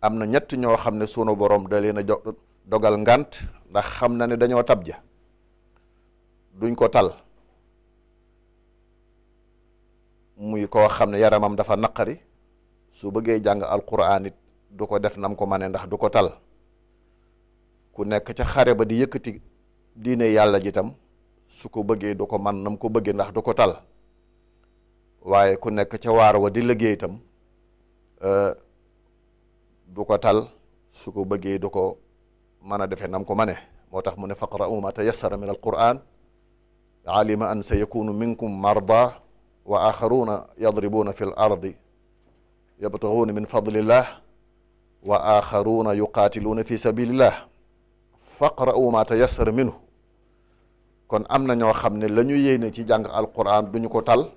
am na ñett ñoo xam ne sunu boroom da leen a jo dogal ngant ndax xam na ne dañoo tab ja duñ ko tal muy koo xam ne yaramam dafa naqari su bëggee jàng alquran it du ko def nam ko mane ndax du ko tal ku nekk ca xare ba di yëkkati diine yàlla jitam su ko bëggee du ko man nam ko bëggee ndax du ko tal waaye ku nekk ca waar wa di liggéey itam euh, du ko tal su ko bëggee du ko mën a defee nam ko mane moo tax mu ne faqra'u ma tayassara min alquran alima an sayakunu minkum marda wa axaruna yadribuna fi l ardi yabtaxuuna min fadlillah wa ma tayassara minhu kon am na ñoo xam ne la ñu yéene ci jàng alquran duñu ko tal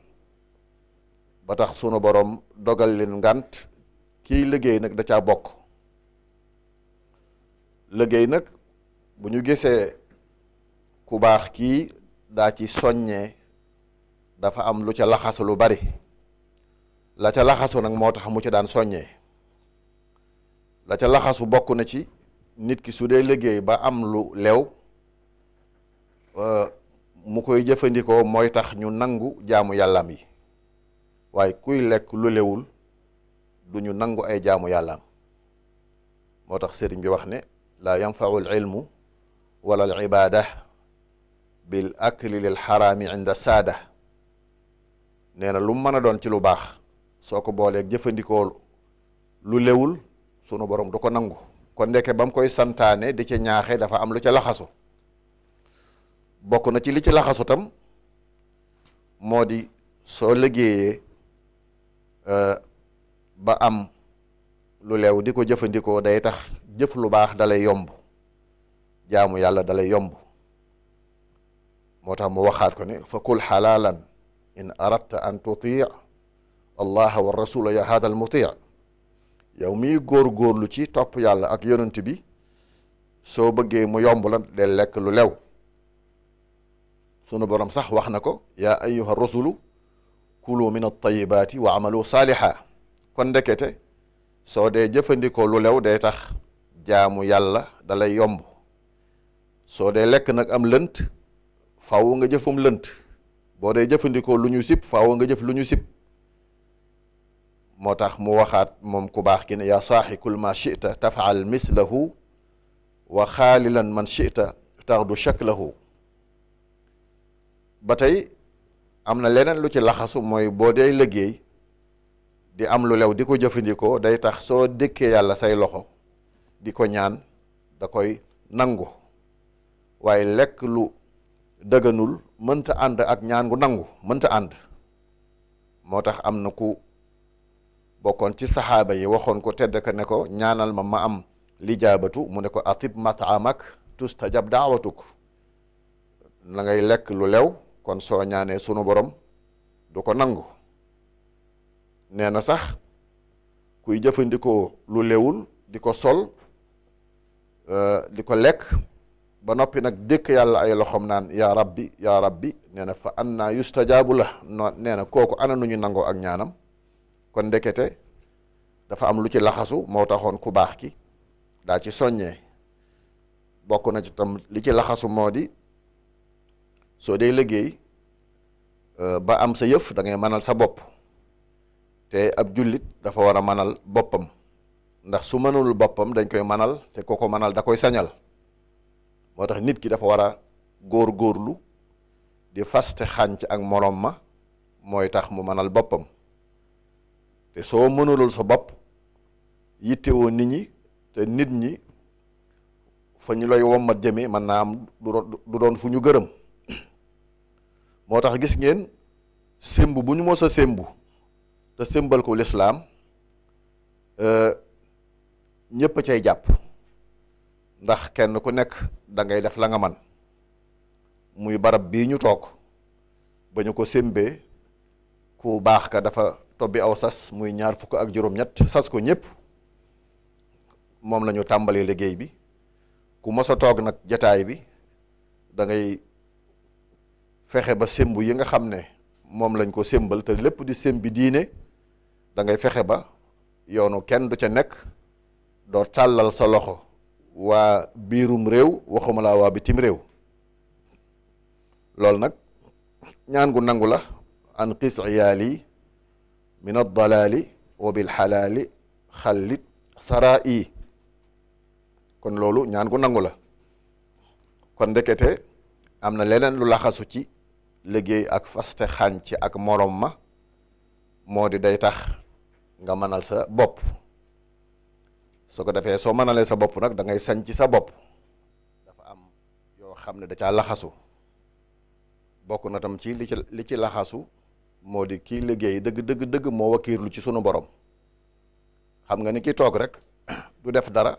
ba tax sunu borom dogal leen ngant kiy liggéey nag da caa bokk liggéey nag bu ñu gisee ku baax kii daa ci soññee dafa am lu ca laxasu lu bari la ca laxasu nag moo tax mu ci daan soññee la ca laxasu bokk na ci nit ki su dee liggéey ba am lu lew euh, mu koy jëfandikoo mooy tax ñu nangu jaamu yàllaam yi waaye kuy lekk lu lewul du ñu nangu ay jaamu yàllaam moo tax sëriñ bi wax ne laa yanfau l ilmu wala al ibaada bil akli lil xaraami inda saada nee na lu mën a doon ci lu baax soo ko booleeg jëfandikoo lu lewul sunu borom du ko nangu kon ndeke ba mu koy santaane di ca ñaaxe dafa am lu ca laxasu bokk na ci li ci laxasu tam moo di soo liggéeyee euh, ba am lu lew di ko jëfandikoo day tax jëf lu baax dalay yomb jaamu yàlla dalay yomb moo tax mu waxaat ko ni fa kul xalaalan in aradta an tuti allaha wa rasula ya hada al muti yow miy góor lu ci topp yàlla ak yonent bi soo bëggee mu yomb la del lekk lu lew sunu borom sax wax na ko yaa ayuha rusulu kulu min altayibaati wa amalu saaliha kon ndekete soo dee jëfandikoo lu lew day tax jaamu yàlla dalay yomb soo dee lekk nag am lënt faaw nga jëfum lënt boo dee jëfandikoo lu ñu sib faaw nga jëf lu ñu sib moo tax mu waxaat moom ku baax ki ne yaa saaxikul ma chita tafaal mislahu wa xaalilan man chita tardu shaklahu ba tey am na leneen lu ci laxasu mooy boo dee liggéey di am lu lew di ko jëfandikoo day tax soo dëkkee yàlla say loxo di ko ñaan da koy nangu waaye lekk lu dëgganul mënta ànd ak ñaan gu nangu mënta ànd moo tax am na ku bokkoon ci saxaaba yi waxoon ko tedd ka ne ko ñaanal ma ma am lijaabatu mu ne ko atib mataamak tustajab daawatuk na ngay lekk lu lew kon soo ñaanee sunu borom du ko nangu nee na sax kuy jëfandikoo lu lewul di ko sol euh, di ko lekk ba noppi nag dëkk yàlla ay loxoom naan yaa rabbi yaa rabbi nee na fa anna yustajaabu la neena kooku ana nu ñu nangoo ak ñaanam kon ndekete dafa am lu ci laxasu moo taxoon ku baax ki daa ci soññee bokk na ci tam li ci laxasu moo di soo dee liggéey euh, ba am sa yëf dangay ngay mënal sa bopp te ab jullit dafa war a manal boppam ndax su mënul boppam dañ koy manal te ko ko manal da koy sañal moo tax nit ki dafa war a góor góorlu di fas faste xànc ak moroom ma mooy tax mu manal boppam te soo mënulul sa bopp yittewoo nit ñi te nit ñi fa ñu lay wommat jëme mën naa am du doon fu ñu gërëm moo tax gis ngeen sémb bu ñu mos a sémbu te sëmbal ko lislaam euh, ñëpp a cay jàpp ndax kenn ku nekk da ngay def la nga man muy barab bii ñu toog ba ñu ko sémbee ku baax ka dafa tobi aw sas muy ñaar fukk ak juróom-ñett sas ko ñëpp moom lañu tàmbali tàmbalee liggéey bi ku mos a toog nag jataay bi dangay fexe ba sémb yi nga xam ne moom lañ ko sémbal te lépp di sémbi diine dangay fexe ba yoonu kenn du ca nekk doo tàllal sa loxo waa biirum réew waxuma wa waa bitim réew loolu nag ñaan gu nangu la an qis iyaali min addalaali wa bil xalaali xallit saraa i kon loolu ñaan gu nangu la kon ndekete am na leneen lu laxasu ci liggéey ak faste xànc ak morom ma moo day tax nga mënal sa bopp soo ko defee soo manalee sa bopp nag da ngay sañ ci sa bopp dafa am yoo xam ne da caa laxasu bokk na tam ci li ci li ci laxasu moo di kii liggéey dëgg dëgg dëgg moo wakiirlu ci sunu borom xam nga ni ki toog rek du def dara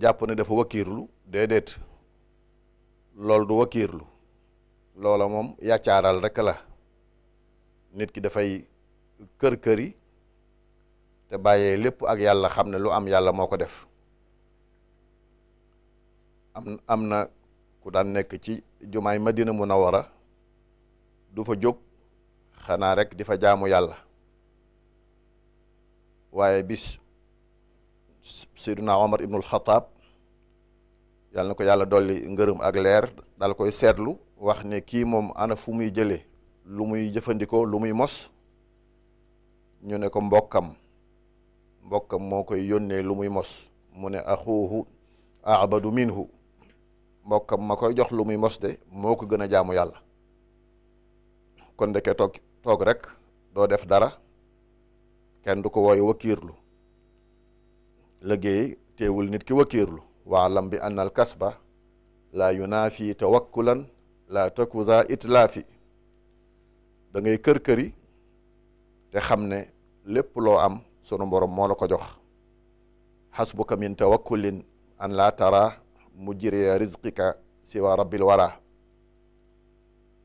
jàpp ne dafa wakiirlu déedéet loolu du wakiirlu loola moom yaccaaral rekk la nit ki dafay kër-këri te bàyyee lépp ak yàlla xam ne lu am yàlla moo ko def am am na ku daan nekk ci jumaay Madina wara du fa jóg xanaa rek di fa jaamu yàlla waaye bis Seyduna Omar ibnul Xataab yàlla na ko yàlla dolli ngërëm ak leer dal koy seetlu wax ne kii moom ana fu muy jëlee lu muy jëfandikoo lu muy mos ñu ne ko mbokkam mbokkam moo koy yónnee lu muy mos mu a axuuhu abadu minhu mbokkam ma koy jox lu muy mos de moo ko gën a jaamu yàlla kon deke toog toog rek doo def dara kenn du ko wooyu wakiirlu liggéey teewul nit ki wakiirlu waalam bi ann al kasba laa yunaafi tawakkulan laa takuza itlaafi da kër-këri te xam ne lépp loo am sunu borom moo la ko jox xasbuka min tawakkulin an laa tara mujriya rizqika siwa rabbil wara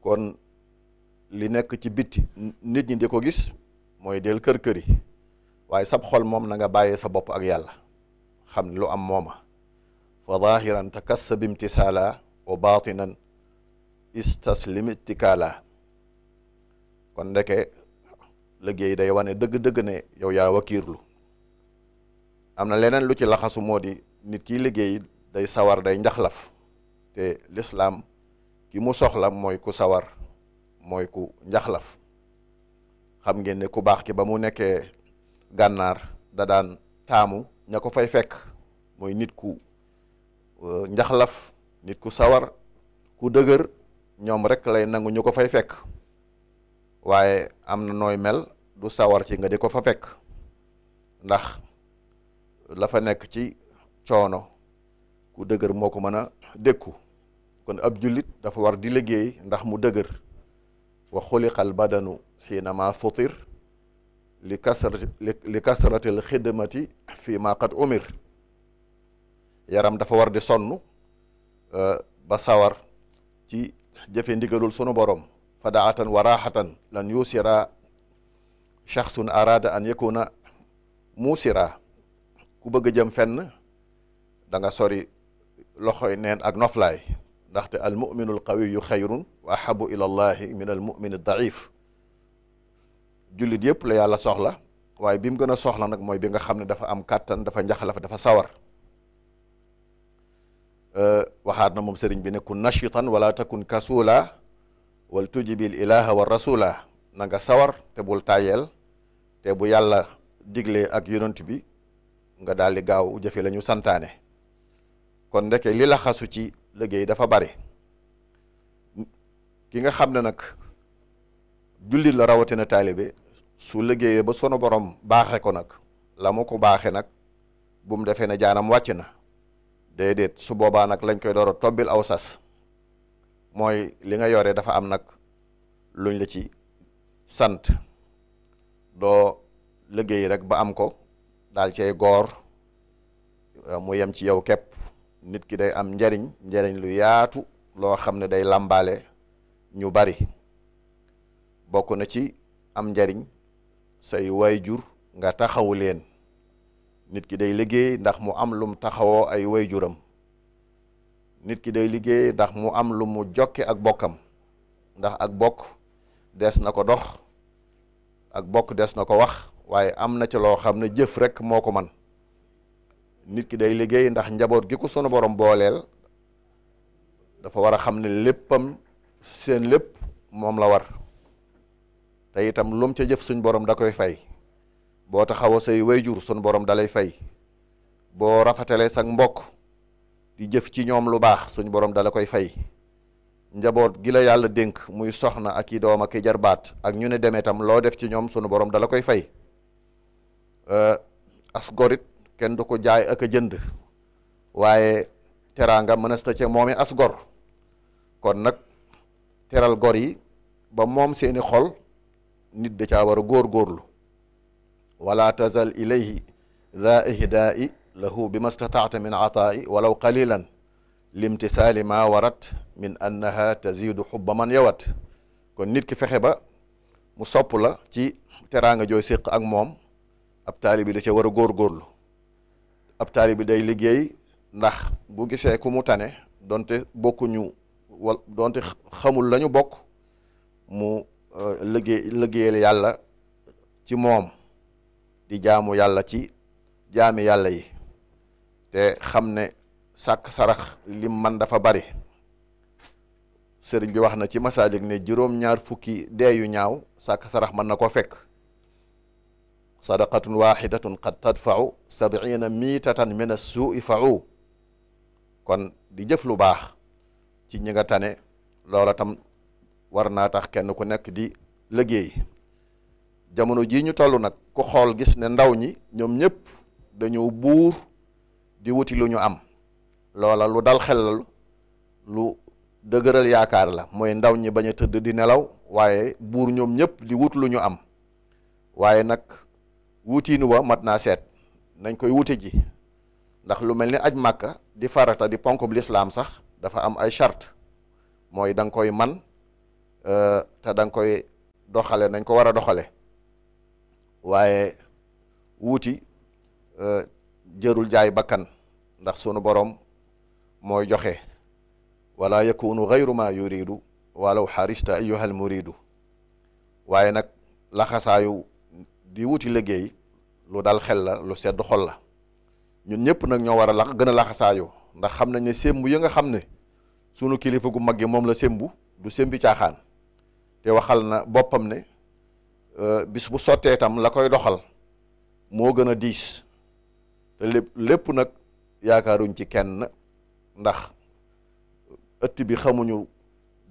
kon li nekk ci bitti nit ñi di ko gis mooy del kër-këri waaye sab xol moom na nga bàyyee sa bopp ak yàlla xam lu am mooma fa zahiran takassab imtisaala o batinan istaslim itikaala kon ndeke liggéey day wane dëgg-dëgg ne yow yaa kiirlu am na leneen lu ci laxasu moo di nit kiy liggéey day sawar day njaxlaf te lislaam ki mu soxla mooy ku sawar mooy ku njaxlaf xam ngeen ne ku baax ki ba mu nekkee gànnaar da daan taamu ña ko fay fekk mooy nit ku euh, njaxlaf nit ku sawar ku dëgër ñoom rek lay nangu ñu ko fay fekk waaye am na nooy mel du sawar ci nga di ko fa fekk ndax lafa nekk ci coono ku dëgër moo ko mën a dékku kon ab jullit dafa war di liggéey ndax mu dëgër wa xuliqal badanu xiinama futir li kasrati li kasratil xidmati fii ma qad umir yaram dafa war di sonn euh, ba sawar ci jëfe ndigalul sunu borom fadaatan wa raxatan lan yusira na arada an yakuna musira ku bëgg a jëm fenn danga nga sori loxoy nen ak noflaay ndaxte al muminu al qawiyu wa ahabu ila allahi min al mumini jullit yëpp la yàlla soxla waaye bi mu gën a soxla nag mooy bi nga xam ne dafa am kàttan dafa njaxlaf dafa sawar waxaat na moom sëriñ bi ne kun nashitan wala takun kasula wal tujibil ilaha wa rasula na nga sawar te bul tayeel te bu yàlla digle ak yonent bi nga daal di gaaw jëfe lañu santaane kon ndeke li laxasu ci liggéey dafa bari ki nga xam ne nag jullit la rawatina taalibe su liggéeyee ba sunu borom baaxe ko nag la mu ko baaxe nag bu defee ne jaanam wàcc na déedéet su boobaa nag lañ koy door a tobbil aw sas mooy li nga yore dafa am nag luñ la ci sant doo liggéey rek ba am ko daal cey goor euh, mu yem ci yow képp nit ki day am njariñ njariñ lu yaatu loo xam ne day làmbaale ñu bari bokk na ci am njariñ say wayjur nga taxawu leen nit ki day liggéey ndax mu am lum taxawoo ay wayjuram nit ki day liggéey ndax mu am lu mu jokke ak bokkam ndax ak bokk des na ko dox ak bokk des na ko wax waaye am na ci loo xam ne jëf rek moo ko man nit ki day liggéey ndax njaboot gi ko sunu borom booleel dafa war a xam ne léppam seen lépp moom la war te itam lum ca jëf suñ borom da koy fay boo taxaw a say wayjur suñ borom da lay fay boo rafetale sag mbokk di jëf ci ñoom lu baax suñu boroom dala koy fay njaboot gila yàlla dénk muy soxna ak i doom ak i jarbaat ak ñu ne demee tam loo def ci ñoom sunu borom dala koy fay euh, as gorit kenn du ko jaay ak a jënd waaye teraanga mënasta ca moomi as gor kon nag teral gor yi ba moom seeni xol nit da caa war góor góorlu wala tazal ilayhi za ihdaa i lahu bi ma stataata min ataai walaw qalilan limtisaali ma warat min annaha tazidu xubba man yawat kon nit ki fexe ba mu sopp la ci teraanga jooy séq ak moom ab taali bi da ca war a góorgóorlu ab taali bi day liggéey ndax bu gisee ku mu tane donte bokkuñu wal donte xamul lañu bokk mu euh, liggéey liggéeyal yàlla ci moom di jaamu yàlla ci jaami yàlla yi te xam ne sàkk sarax lim man dafa bari sëriñ bi wax na ci masaalik ne juróom-ñaar fukki dee yu ñaaw sàkk sarax mën na ko fekk sadaqatun waxidatun qad tadfau sabiina miitatan suu i fau kon di jëf lu baax ci ñi nga tane loola tam war naa tax kenn ku nekk di liggéey jamono jii ñu toll nag ku xool gis ne ndaw ñi ñoom ñëpp dañoo buur di wuti lu ñu am loola lu dal xel la lu dëgëral yaakaar la mooy ndaw ñi bañ a tëdd di nelaw waaye buur ñoom ñëpp di wut lu ñu am waaye nag wutiinu wa mat naa seet nañ koy wuti ji ndax lu mel ni aj màkka di farata di ponk bu lislaam sax dafa am ay charte mooy da nga koy man euh, te da koy doxale nañ ko war a doxale waaye wuuti euh, jërul jaay bakkan ndax sunu boroom mooy joxe wala yakunu gayru ma yuridu walaw xarista ayyuhal riidu waaye nag laxasaayu di wuti liggéey lu dal xel la lu sedd xol la ñun ñëpp nag ñoo war a la gën a laxasaayu ndax xam nañ ne sémbu yi nga xam ne sunu kilifa gu mag gi moom la sembu du sémbi caaxaan te waxal na boppam ne euh, bis bu sottee tam la koy doxal moo gën a diis te lépp lépp nag yaakaaruñ ci kenn ndax ëtt bi xamuñu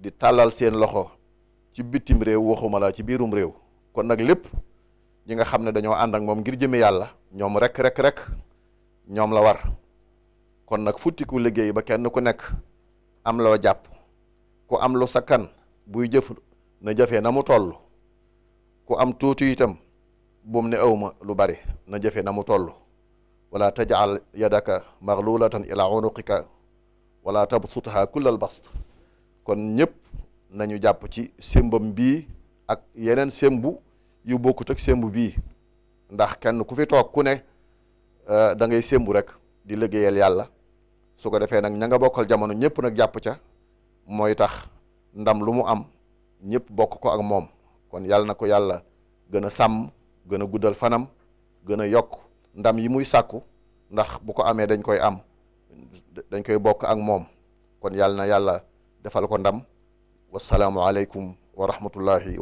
di tàllal seen loxo ci bitim réew waxuma la ci biirum réew kon nag lépp ñi nga xam ne dañoo ànd ak moom ngir jëme yàlla ñoom rek rek rek ñoom la war kon nag futtiku liggéey ba kenn ku nekk am loo jàpp ku am lu sakkan buy jëf na jëfee na mu toll ku am tuuti itam buum ne awma lu bari na jëfee na mu toll wala tajal yadaka maglulatan ila unuqika wala tabsutha kulal bast kon ñëpp nañu jàpp ci sémbam bii ak yeneen sémbu yu bokkut ak sémbu bii ndax kenn ku fi toog ku ne euh, da ngay sémbu rek di liggéeyal yàlla su ko defee nag ña nga bokkal jamono ñëpp nag jàpp ca mooy tax ndam lu mu am ñëpp bokk ko ak moom kon yàlla na ko yàlla gën a sàmm gën a guddal fanam gën a yokk ndam yi muy sàkku ndax bu ko amee dañ koy am dañ koy bokk ak moom kon yàlla na yàlla defal ko ndam wasalaamu aleykum wa rahmatullahi